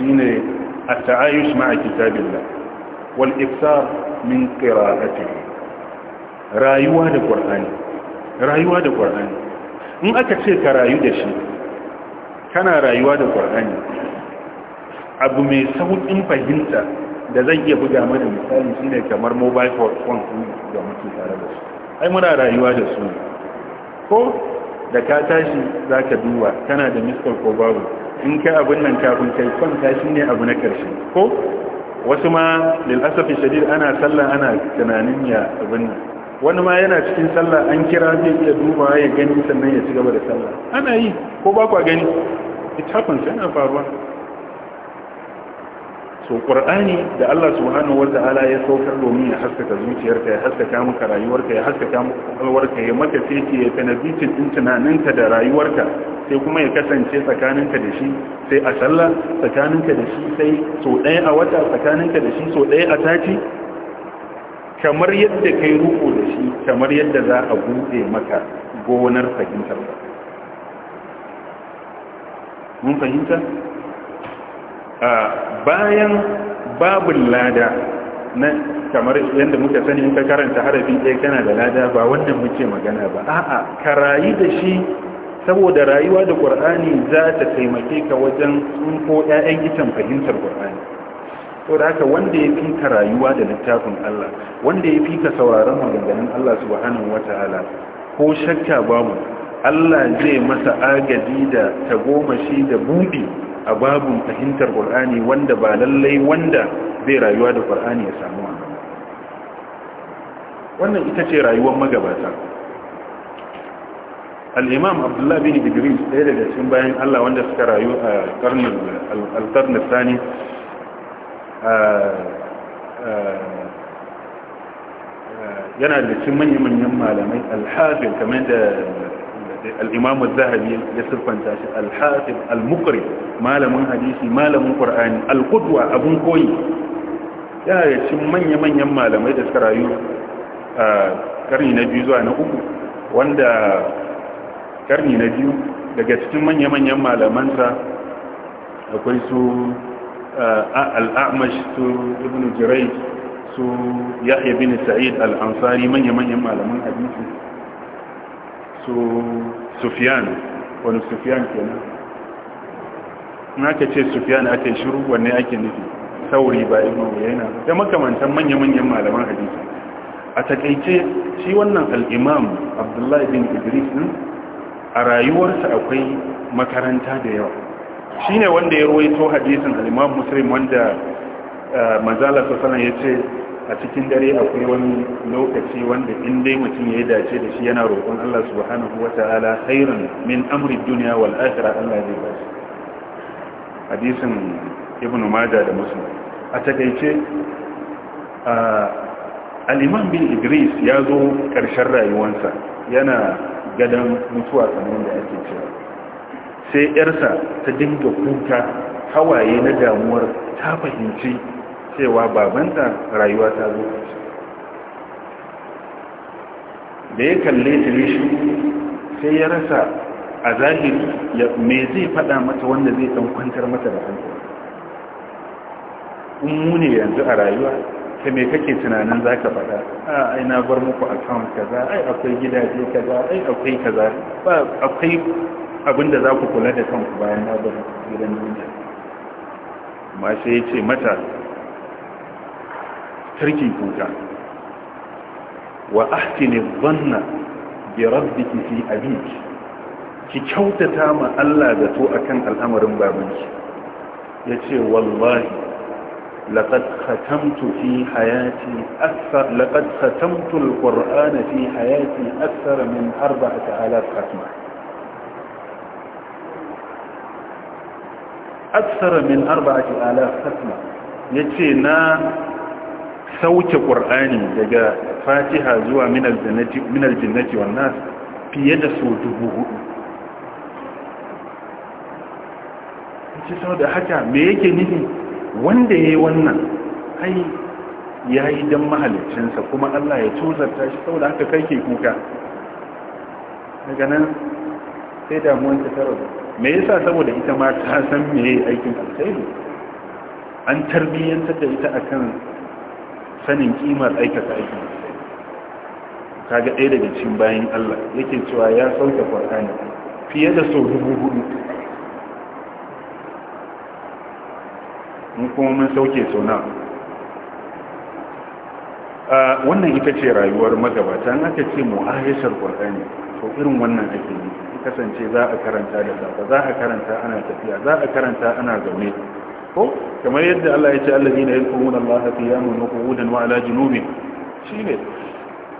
shine at-ta'ayush ma'a kitabillah wal ifsar min qira'atihi rayuwa da ƙwar'ani rayuwa da ƙwar'ani in aka ce ka rayu da shi kana rayuwa da ƙwar'ani abu mai sauƙin fahimta da zai iya buga mana misali shi ne kamar mobile phone da muke tare da su ai muna rayuwa da su ko da ka tashi za ka duba kana da Mr. ko babu in ka abin nan kafin kai kwanta shi ne abu na ƙarshe ko wasu ma lil asafi shadid ana sallah ana tunanin ya abin nan wani ma yana cikin sallah an kira zai iya duba ya gani sannan ya ci gaba da sallah ana yi ko ba kwa gani it happens yana faruwa so qur'ani da Allah subhanahu wata'ala ya saukar domin ya haskaka zuciyarka ya haskaka maka rayuwarka ya haskaka maka kwakwalwarka ya maka sai ya tanabitin din tunaninka da rayuwarka sai kuma ya kasance tsakaninka da shi sai a sallah tsakaninka da shi sai so ɗaya a wata tsakaninka da shi so ɗaya a sati kamar yadda kai ruko da shi kamar yadda za a buɗe maka gonar fahimtar ka mun fahimta bayan babin lada na kamar yadda muka sani in ka karanta harafi ɗaya kana da lada ba wannan muke magana ba a'a ka rayu da shi saboda rayuwa da ƙur'ani za ta taimake ka wajen tsunko 'ya'yan itan fahimtar ƙur'ani to da haka wanda ya fi rayuwa da littafin Allah wanda ya fi ka sauraron maganganun Allah subhanahu wataala ko shakka babu Allah zai masa agaji da tagomashi da buɗi a babun fahimtar Qur'ani wanda ba lallai wanda zai rayuwa da Qur'ani ya samu wannan ita ce rayuwar magabata al-imam abdullah bin idris ɗaya daga cikin bayan allah wanda suka rayu a ƙarnin sani yana da cikin manya-manyan malamai alhafin kamar da al'imamu zahabi ya siffanta shi alhafin al-mukri malamin hadisi malamin ƙwar'ani al-kudwa abun koyi yana da cikin manya-manyan malamai da suka rayu a karni na biyu zuwa na uku wanda karni na biyu daga cikin manya-manyan malamansa akwai su al'amash su ibn jirai su yahya bin sa'id al'ansari manya-manyan malaman hadisi su sufiyan wani sufiyan kenan na ka ce sufiyan ake shiru wanne ake nufi sauri ba ibn wuyana da makamantan manya-manyan malaman hadisi a takaice shi wannan al'imam abdullahi bin idris a rayuwarsa akwai makaranta da yawa Shi ne wanda ya ruwaito hadisin al-Imam Muslim wanda eh, manzala sallallahu ya ce a cikin dare akwai wani lokaci wanda in dai mutum ya yi dace da shi yana roƙon Allah subhanahu wataala khairan min amri duniya wal akhirah Allah zai ba shi hadisun Ibn Majah da Muslim a takaice eh, alimam bin Idris ya zo ƙarshen rayuwarsa yana gadon mutuwa kamar da ake cewa sai yarsa ta dinga kuka hawaye na damuwar ta fahimci cewa babanta rayuwa ta zo da ya kalle ta shi sai ya rasa a zahiri me zai fada mata wanda zai dan kwantar mata da hankali in mune yanzu a rayuwa ta me kake tunanin za ka faɗa a aina na bar muku account kaza ai akwai gidaje kaza ai akwai kaza ba akwai abinda za ku kula da kanku bayan na bar gidan duniya amma ya ce mata tarki kuka wa ahsini dhanna bi rabbiki fi abiki ki kyautata ma Allah da to akan al'amarin babanki yace wallahi laqad khatamtu fi hayati akthar laqad khatamtu al fi hayati akthar min 4000 aksara min arba'ati alaf hatma yace na sauke qur'ani daga fatiha zuwa min aljannati min aljannati wan nas fiye da su dubu hudu yace saboda haka me yake nufi wanda yayi wannan ai yayi dan mahalicinsa kuma Allah ya ta shi saboda haka kai ke kuka daga nan sai damuwar ta tarwa me yasa saboda ita ma ta san me aikin alkhairi an tarbiyyantar da ita akan sanin kimar aikata aikin kaga ɗaya daga cikin bayan Allah yake cewa ya sauke Qur'ani fiye da sau dubu hudu mun kuma mun sauke sau na wannan ita ce rayuwar magabata an aka ce mu ahishar Qur'ani to irin wannan ake yi kasance za a karanta da safa za a karanta ana tafiya za a karanta ana zaune ko kamar yadda Allah ya ce allazina yadkuruna Allah qiyaman wa qu'udan wa ala junubihim shine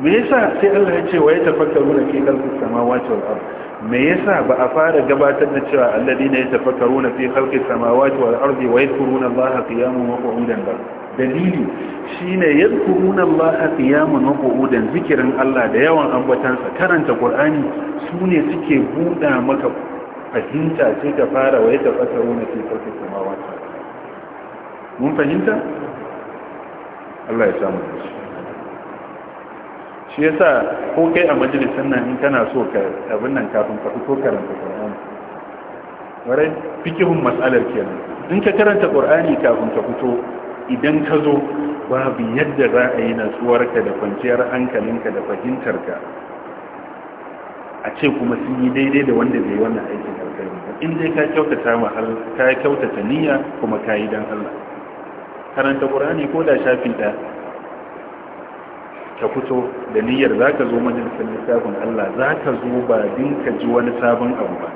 me yasa sai Allah ya ce wa ya yatafakkaruna fi sama samawati wal ard me yasa ba a fara gabatar da cewa Allah ya allazina runa fi sama samawati wal ard wa ya yadkuruna Allah qiyaman wa qu'udan ba dalili shi ne shine ba a qiyaman wa qu'udan zikirin Allah da yawan ambatansa karanta su ne suke buɗa maka fahimta ce ka fara waye ta wani na fi kuma wata mun fahimta Allah ya samu da shi shi sa ko kai a majalisar nan in kana so ka abin nan kafin ka fito karanta ƙorani warai fikihun mas'alar kenan in ka karanta ƙorani kafin ka fito idan ka zo babu yadda za a yi natsuwarka da kwanciyar hankalinka da fahimtarka a ce kuma sun yi daidai da wanda zai wannan aikin alkhairi ba in dai ka kyautata mahal ka kyautata niyya kuma ka yi dan Allah karanta qur'ani ko da shafi da ka fito da niyyar za ka zo majalisar littafin Allah za ka zo ba din ka ji wani sabon abu ba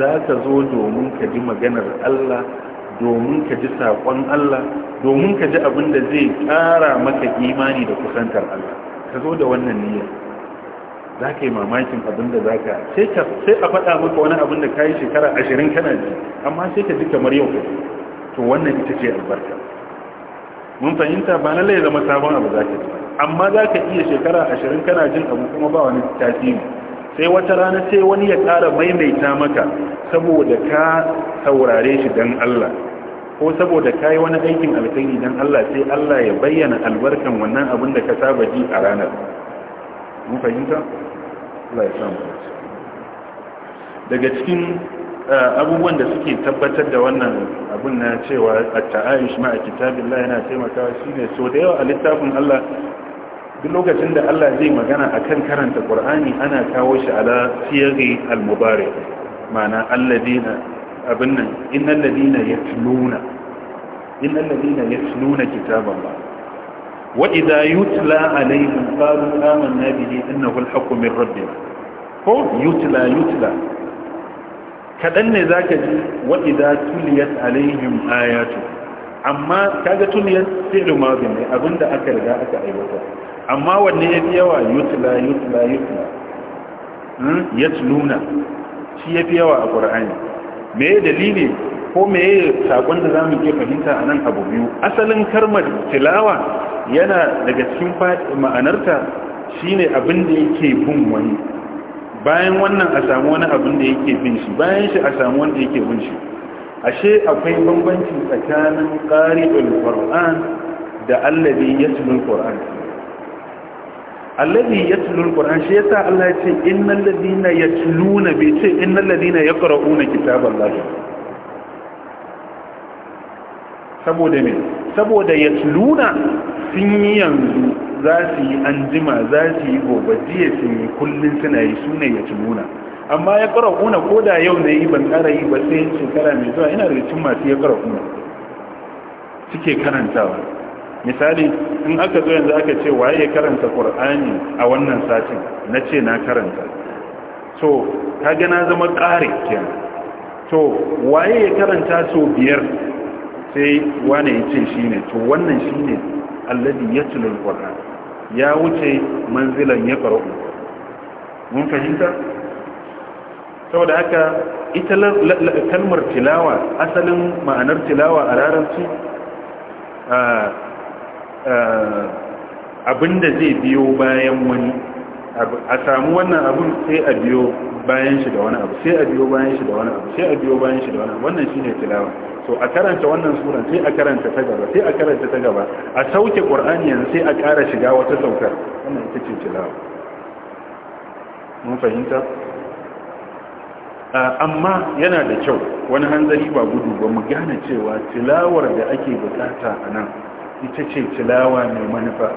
Za ka zo domin ka ji maganar Allah domin ka ji saƙon Allah domin ka ji abin da zai ƙara maka imani da kusantar Allah ka zo da wannan niyya za ka yi mamakin abin da za ka sai a faɗa maka wani abin da ka yi shekara ashirin kana ji amma sai ka ji kamar yau ka to wannan ita ce albarka mun fahimta ba na lai zama sabon abu za ka ji amma za ka iya shekara ashirin kana jin abu kuma ba wani tasiri sai wata rana sai wani ya tsara maimaita maka saboda ka saurare shi don Allah ko saboda ka yi wani aikin alkali don Allah sai Allah ya bayyana albarkan wannan abin da ka saba ji a ranar mun fahimta? Allah ya samu daga cikin eh, abubuwan da suke tabbatar da wannan abin na cewa a ta'ayish ma a kitabin yana taimakawa shi ne so da yawa a littafin Allah duk lokacin da Allah zai magana a kan karanta Qur'ani ana kawo shi ala siyari al-mubarak ma'ana alladina abin nan ya ladina yatluna innal ladina yatluna kitaban ba wa idza yutla alaihim qalu amanna bihi innahu al-haqqu min rabbina ko yutla yutla kadan ne zaka ji wa idza tuliyat alaihim ayatu amma kaga tuliyat fi'lu madhi ne abinda aka riga aka aiwatar amma wanne ya fi yawa yutla yutla yutla hmm? ya tuluna shi ya fi yawa a ƙura'ani me ya dalili ko me ya saƙon da za mu ke fahimta a nan abu biyu asalin karmar tilawa yana daga cikin ma'anarta shine abin da yake bin wani bayan wannan a samu wani abin da yake bin shi bayan shi a samu wanda yake bin shi ashe akwai bambanci tsakanin ƙari'ul qur'an da allazi yatlul qur'an alladhi yatlu alquran shi yasa Allah ya ce innal ladina yatluna bi ce innal ladina yaqra'una kitaballahi saboda me saboda yatluna sun yi yanzu za su yi anjima za su yi gobe jiya sun yi kullun suna yi sune yatluna amma ya ƙara'una ko da yau na yi ban ƙara yi ba sai shekara mai zuwa ina da cin masu ya ƙara'una suke karantawa misali in aka zo yanzu aka ce waye ya karanta ƙur'ani a wannan satin na ce na karanta to kaga na zama ƙare kenan to waye ya karanta so biyar sai wane ya ce shi ne to wannan shi ne alladi ya ya wuce manzilan ya ƙarfi mun fahimta? saboda haka ita kalmar tilawa asalin ma'anar tilawa a larabci ah, Eh, abinda zai biyo bayan wani a samu wannan abin sai a biyo bayan shi da wani abu sai a biyo bayan shi da wani abu sai a biyo bayan shi da wani abu wannan shine tilawa So a karanta wannan sura sai a karanta ta gaba sai a karanta ta gaba a sauke qur'ani yanzu sai a ƙara shiga wata saukar wannan ita ce tilawa mun fahimta ah, amma yana da kyau wani hanzari ba gudu ba mu gane cewa tilawar da ake bukata a nan ita ce tilawa mai manufa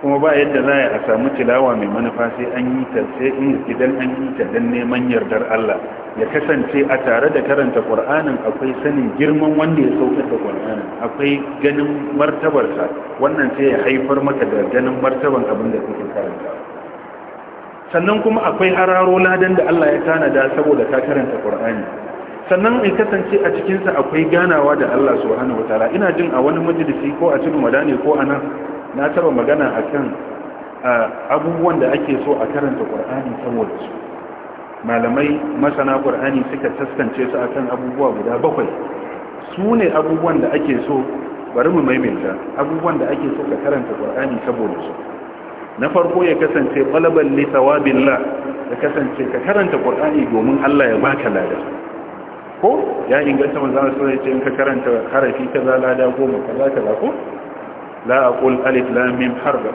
kuma ba yadda za a samu tilawa mai manufa sai an yi ta sai in idan an yi ta don neman yardar Allah ya kasance a tare da karanta ƙwar'anin akwai sanin girman wanda ya saukar da ƙwar'anin akwai ganin martabarsa wannan sai ya haifar maka da ganin martaban abin da kake karanta sannan kuma akwai hararo ladan da Allah ya tanada saboda ka karanta ƙwar'ani sannan ya kasance a cikinsa akwai ganawa da Allah subhanahu wataala ina jin a wani majalisi ko a cikin madani ko a nan na taba magana akan abubuwan da ake so a karanta Qur'ani saboda su malamai masana Qur'ani suka taskance su akan abubuwa guda bakwai su ne abubuwan da ake so bari mu maimaita abubuwan da ake so ka karanta Qur'ani saboda su na farko ya kasance qalaban li La ya kasance ka karanta Qur'ani domin Allah ya baka lada ko ya inganta manzo suna sai ce in ka karanta harafi kaza lada goma kaza kaza ko la aqul alif lam harba.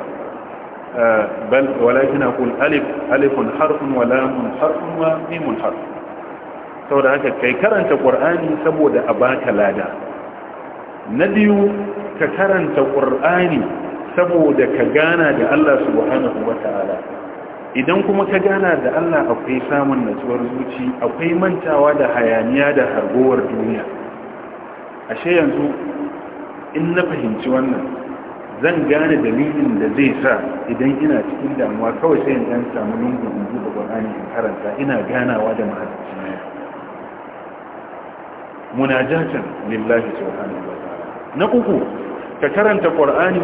Eh, bal walakin aqul alif alifun harfun wa lamun harfun wa mimun Sau da haka kai karanta qur'ani saboda a baka lada na biyu ka karanta qur'ani saboda ka gana da Allah subhanahu Ta'ala. idan kuma ka gana da Allah akwai samun natsuwar zuci akwai mantawa da hayaniya da harbowar duniya ashe yanzu in na fahimci wannan zan gane dalilin da zai sa idan ina cikin damuwa kawai sai in dan samu lungun in buɗe Qur'ani in karanta ina ganawa da mahalicci na munajatan lillahi subhanahu wa ta'ala na uku ka karanta Qur'ani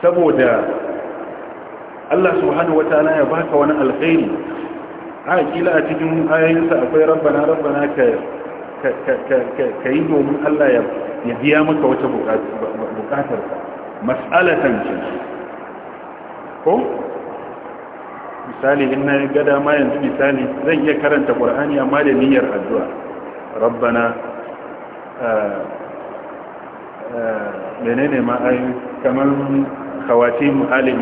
saboda Allah subhanahu wataala ya baka wani alkhairi a kila a cikin ayoyinsa akwai rabbana rabbana ka ka yi domin Allah ya biya maka wata bukatar mas'alatan ce ko misali in na gada ma yanzu misali zan iya karanta ƙwar'ani amma da niyyar addu'a rabbana eh, eh, menene ma ayi kamar kawace mu ali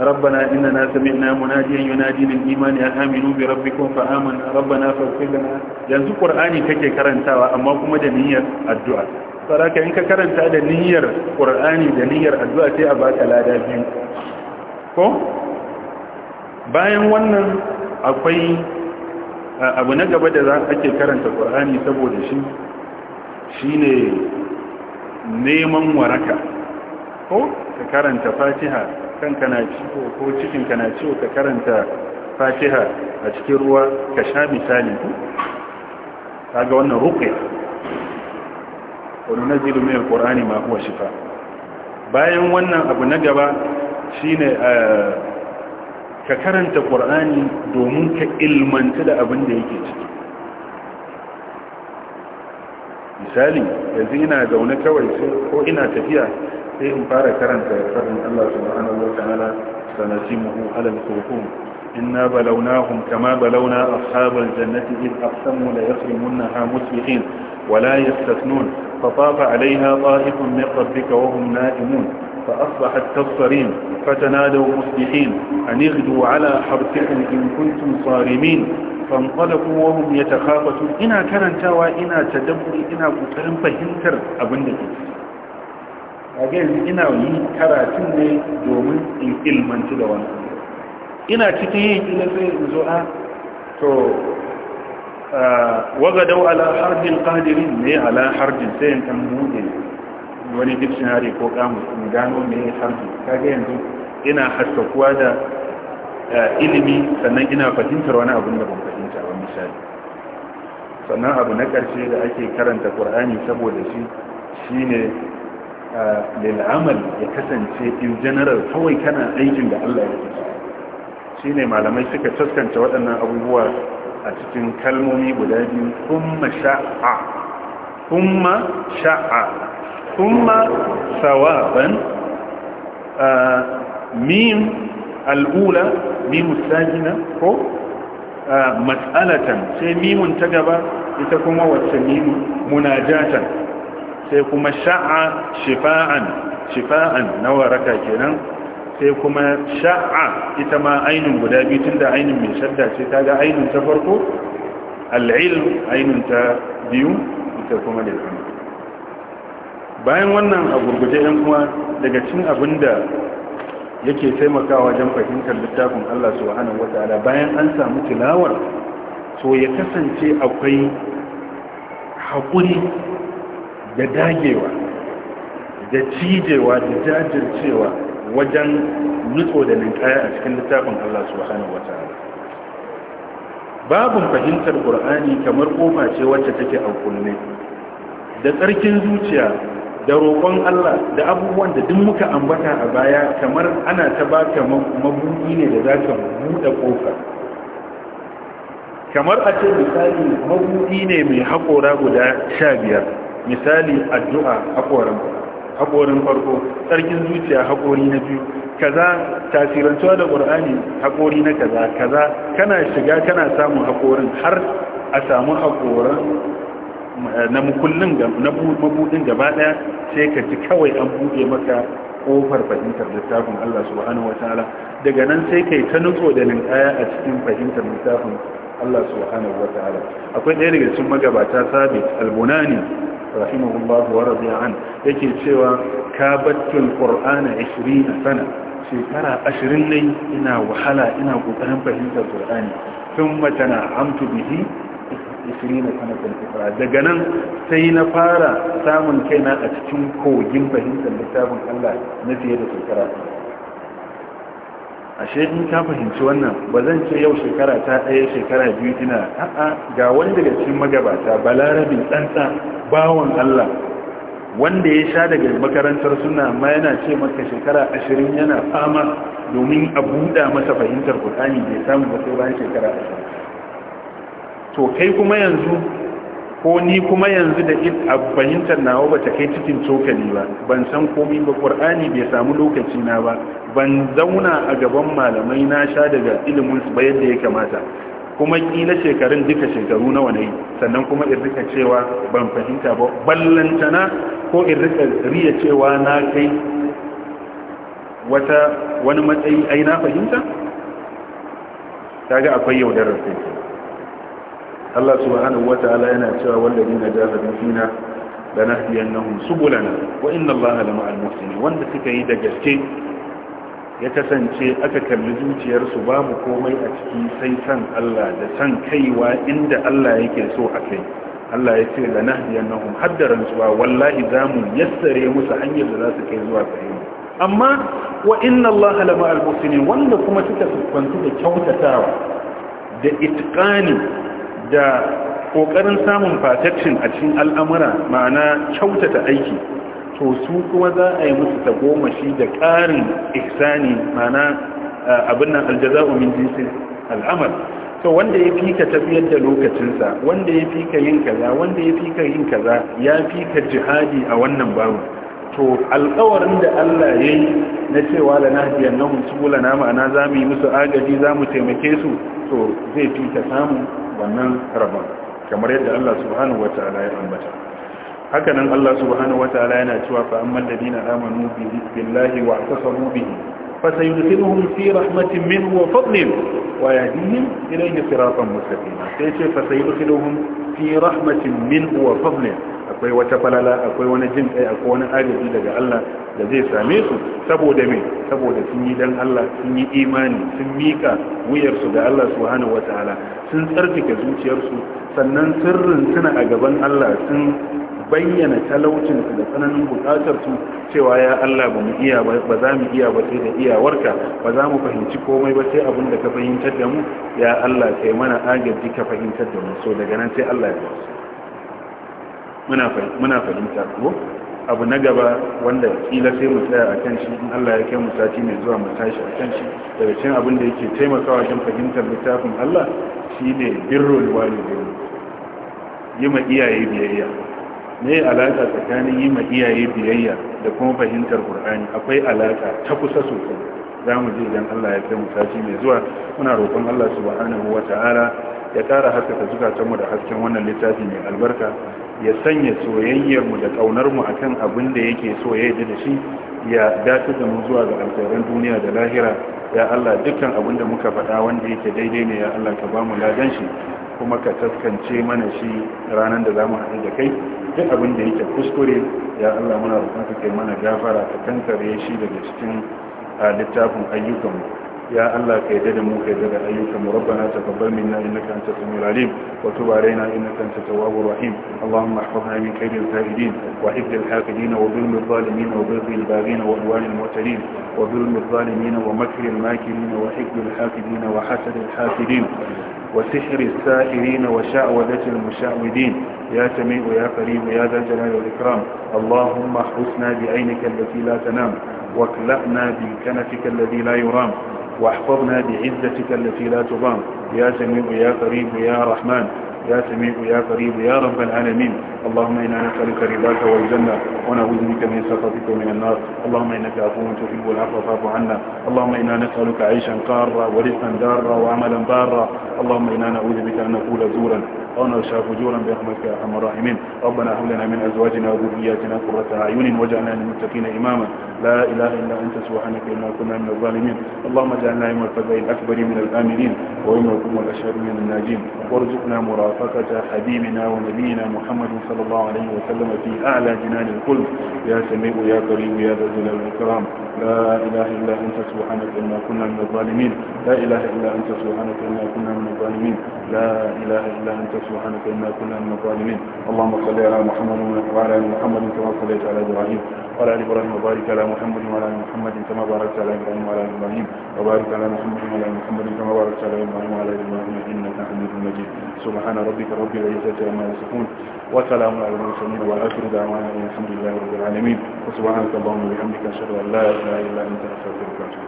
ربنا إننا سمعنا مناديا ينادي للإيمان أن آمنوا بربكم فآمنا ربنا فاغفر لنا yanzu Qur'ani kake karantawa amma kuma da niyyar addu'a saraka in ka karanta da niyyar Qur'ani da niyyar addu'a sai a baka lada biyu ko bayan wannan akwai abu na gaba da za ake karanta Qur'ani saboda shi shine neman waraka ko ka karanta Fatiha kanka na ciwo ko cikinka na ciwo ka karanta fatiha a cikin ruwa ka sha misali ta ga wannan ruqya wani nazilu min alqur'ani ma huwa shifa bayan wannan abu na gaba shine eh, ka karanta ƙur'ani domin ka ilmanta da abin da yake ciki misali yanzu ina zaune kawai ko ina tafiya sai in fara karanta farin Allah subhanahu wa ta'ala sanasimuhu alal khufum inna balawnahum kama balawna ashabal jannati id aqsamu la yasrimunha musbihin wa la yastathnun fa tafa 'alayha ta'ifun min rabbika wa hum na'imun fa asbahat فتنادوا fatanadu musbihin اغدوا 'ala habtikum in kuntum sarimin fanqalaku wa ya yatakhafatu ina karantawa ina tadabburi ina kokarin fahimtar abin da ke kage yanzu ina yi karatun ne domin in ilmanci da wani ina cikin yin kila sai in zo a ah, to ah, dau ala harbin qadirin ne ala harbin sai in kan bude wani dictionary ko kamus in gano me harbin kage yanzu ina haskakuwa da ilimi sannan ina fahimtar wani abin da ban fahimta ba misali sannan abu na ƙarshe da ake karanta ƙur'ani saboda shi shine lil'amal ya kasance in general kawai kana aikin da Allah ya kusa shine malamai suka taskanta waɗannan abubuwa a cikin kalmomi guda biyu kuma sha'a kuma sha'a kuma sawaban mim al'ula mimu sakina ko mas'alatan sai mimun ta gaba ita kuma wacce mimu munajatan sai kuma sha'a shifa'an shifa'an na waraka kenan sai kuma sha'a ita ma ainihin guda biyu tun da ainihin mai shadda ce ta ga ainihin ta farko al'ilm ainihin ta biyu ita kuma da bayan wannan a gurguje yan kuma daga cin abin da yake taimakawa wajen fahimtar littafin Allah subhanahu wata'ala bayan an samu tilawar so ya kasance akwai haƙuri da dagewa da cijewa da jajircewa wajen nutso da ninkaya a cikin littafin Allah subhanahu wata'ala babin fahimtar qur'ani kamar kofa ce wacce take a kunne da tsarkin zuciya da roƙon Allah da abubuwan da duk muka ambata a baya kamar ana ta baka mabuɗi ne da za ka buɗe ƙofa kamar a ce misali mabuɗi ne mai haƙora guda sha biyar misali addu'a haƙorin haƙorin farko tsarkin zuciya haƙori na biyu kaza tasirantuwa da ƙur'ani haƙori na kaza kaza kana shiga kana samun haƙorin har a samu haƙorin na mukullin na mabudin gaba daya sai ka ji kawai an buɗe maka kofar fahimtar littafin Allah subhanahu wataala daga nan sai kai ta nutso da linkaya a cikin fahimtar littafin Allah subhanahu wataala akwai ɗaya daga cikin magabata sabit albunani rahimahullahu wa radiya an yake cewa ka battul qur'ana 20 sana shekara 20 ne ina wahala ina kokarin fahimtar qur'ani thumma amtu bihi daga nan sai na fara samun kaina a cikin kogin fahimtar littafin Allah na fiye da shekara a in ka fahimci wannan ba zan ce yau shekara ta ɗaya shekara biyu ina a'a ga wani daga cikin magabata balarabin tsantsa bawon Allah wanda ya sha daga makarantar suna ma yana ce maka shekara ashirin yana fama domin a buɗa masa fahimtar Kur'ani bai samu ba sai bayan shekara ashirin to kai kuma yanzu ko ni kuma yanzu da a fahimtar nawa ba ta kai cikin cokali ba ban san komi ba ƙur'ani bai samu lokaci na ba ban zauna a gaban malamai na sha daga ilimin su ba yadda ya kamata kuma kila shekarun duka shekaru nawa ne sannan kuma in rika cewa ban fahimta ba ballantana ko in rika riya cewa na kai wata wani matsayi ai na fahimta kaga akwai yaudarar kai Allah subhanahu wata'ala yana cewa wallazina jahadu fina lanahdiyannahum subulana wa inna Allaha lama'al muhsinin wanda suka yi da gaske ya kasance aka kalli zuciyarsu babu komai a ciki sai san Allah da san kaiwa inda Allah yake so a kai Allah ya ce da nahdiyannahum su suwa wallahi zamu yassare musu hanyar da za su kai zuwa kai amma wa inna Allah la ma'al muhsinin wanda kuma suka sufantu da kyautatawa da itqani da ƙoƙarin samun protection a cikin al'amura ma'ana kyautata aiki to su kuma za a yi musu shi da ƙarin ihsani ma'ana eh, abin nan aljaza'u min jinsin al'amal to wanda ya fi ka tafiyar da lokacinsa wanda ya fi yin kaza wanda ya fi yin kaza ya fi jihadi a wannan babu to alƙawarin da Allah ya yi na cewa da nahdiyannahum subulana ma'ana za mu yi musu agaji za mu taimake su to zai fi samu wannan rabon kamar yadda Allah subhanahu wataala ya ambata hakanan Allah subhanahu wataala yana cewa fa amman ladina amanu billahi wa tasamu bihi فسيدخلهم في رحمة منه وفضل sai ce صراطا مستقيما fi rahmatin min منه وفضل akwai wata falala akwai wani jin kai akwai wani arziki daga Allah da zai same su saboda me saboda sun yi dan Allah sun yi imani sun mika wuyarsu ga Allah su wata ala, sun tsarkake zuciyarsu, sannan sirrin suna a gaban Allah sun bayyana talaucin su da tsananin bukatar su cewa ya Allah ba mu iya ba za mu iya ba sai da iyawarka ba za mu fahimci komai ba sai abin da ka fahimtar da mu ya Allah kai mana agaji ka fahimtar da mu so daga nan sai Allah ya ba su muna fahimta ko abu na gaba wanda kila sai mu tsaya a kan shi in Allah ya kai mu sati mai zuwa mu tashi a kan shi daga cikin abin da yake taimakawa wajen fahimtar littafin Allah shine birrul walidain yi ma iyaye biyayya me ya alaka tsakanin yi ma iyaye biyayya da kuma fahimtar Qur'ani akwai alaka ta kusa sosai za mu je idan Allah ya kai mu sati mai zuwa muna roƙon Allah subhanahu wata'ala ya ƙara haskaka zukatanmu da hasken wannan littafi mai albarka ya sanya soyayyarmu da ƙaunarmu a kan abin da yake so ya yi da shi ya dace da mu zuwa ga alkhairan duniya da lahira ya Allah dukkan abin da muka faɗa wanda yake daidai ne ya Allah ka ba mu ladan shi kuma ka taskance mana shi ranar da zamu mu haɗu da kai duk abin da yake kuskure ya Allah muna roƙon ka kai mana gafara ka kankare shi daga cikin littafin ayyukanmu يا الله كيدنا مو كيدنا أيك مربنا تقبل منا إنك أنت السميع العليم وتب علينا إنك أنت التواب الرحيم اللهم احفظنا من كيد الفائدين وحفظ الحاقدين وظلم الظالمين وظلم الباغين وأدوان المعتدين وظلم الظالمين ومكر الماكرين وحفظ الحاقدين وحسد الحاسدين وسحر السائرين وشعوذة المشعوذين يا سميع يا قريب يا ذا الجلال والإكرام اللهم احرسنا بعينك التي لا تنام واكلأنا بكنفك الذي لا يرام واحفظنا بعزتك التي لا تضام يا سميع يا قريب يا رحمن يا سميع يا قريب يا رب العالمين اللهم إنا نسألك رضاك والجنة ونعوذ بك من سخطك ومن النار اللهم إنك عفو تحب العفو فاعف عنا اللهم إنا نسألك عيشا قارا ورزقا دارا وعملا بارا اللهم إنا نعوذ بك أن نقول زورا وأن وشاف جورا برحمتك يا أرحم الراحمين ربنا هب لنا من أزواجنا وذرياتنا قرة أعين واجعلنا للمتقين إماما لا إله إلا أنت سبحانك إنا كنا من الظالمين اللهم اجعلنا يوم الفزع الأكبر من الآمنين ويوم يقوم الأشهر من الناجين وارزقنا مرافقة حبيبنا ونبينا محمد صلى الله عليه وسلم في أعلى جنان الكل يا سميع يا كريم يا ذا الجلال والإكرام لا إله إلا أنت سبحانك إنا كنا من الظالمين لا إله إلا أنت سبحانك إنا كنا من الظالمين لا إله إلا أنت سبحانك إنا كنا من الظالمين اللهم صل على محمد وعلى آل محمد كما صليت على إبراهيم وعلى آل إبراهيم وبارك على محمد وعلى آل محمد كما باركت على إبراهيم وعلى آل إبراهيم وبارك على محمد وعلى آل محمد كما باركت على إبراهيم وعلى آل إبراهيم إنك حميد مجيد سبحان ربك رب العزة عما يصفون وسلام على المرسلين وآخر دعوانا الحمد لله رب العالمين وسبحانك اللهم وبحمدك أشهد أن لا إله إلا أنت أستغفرك وأتوب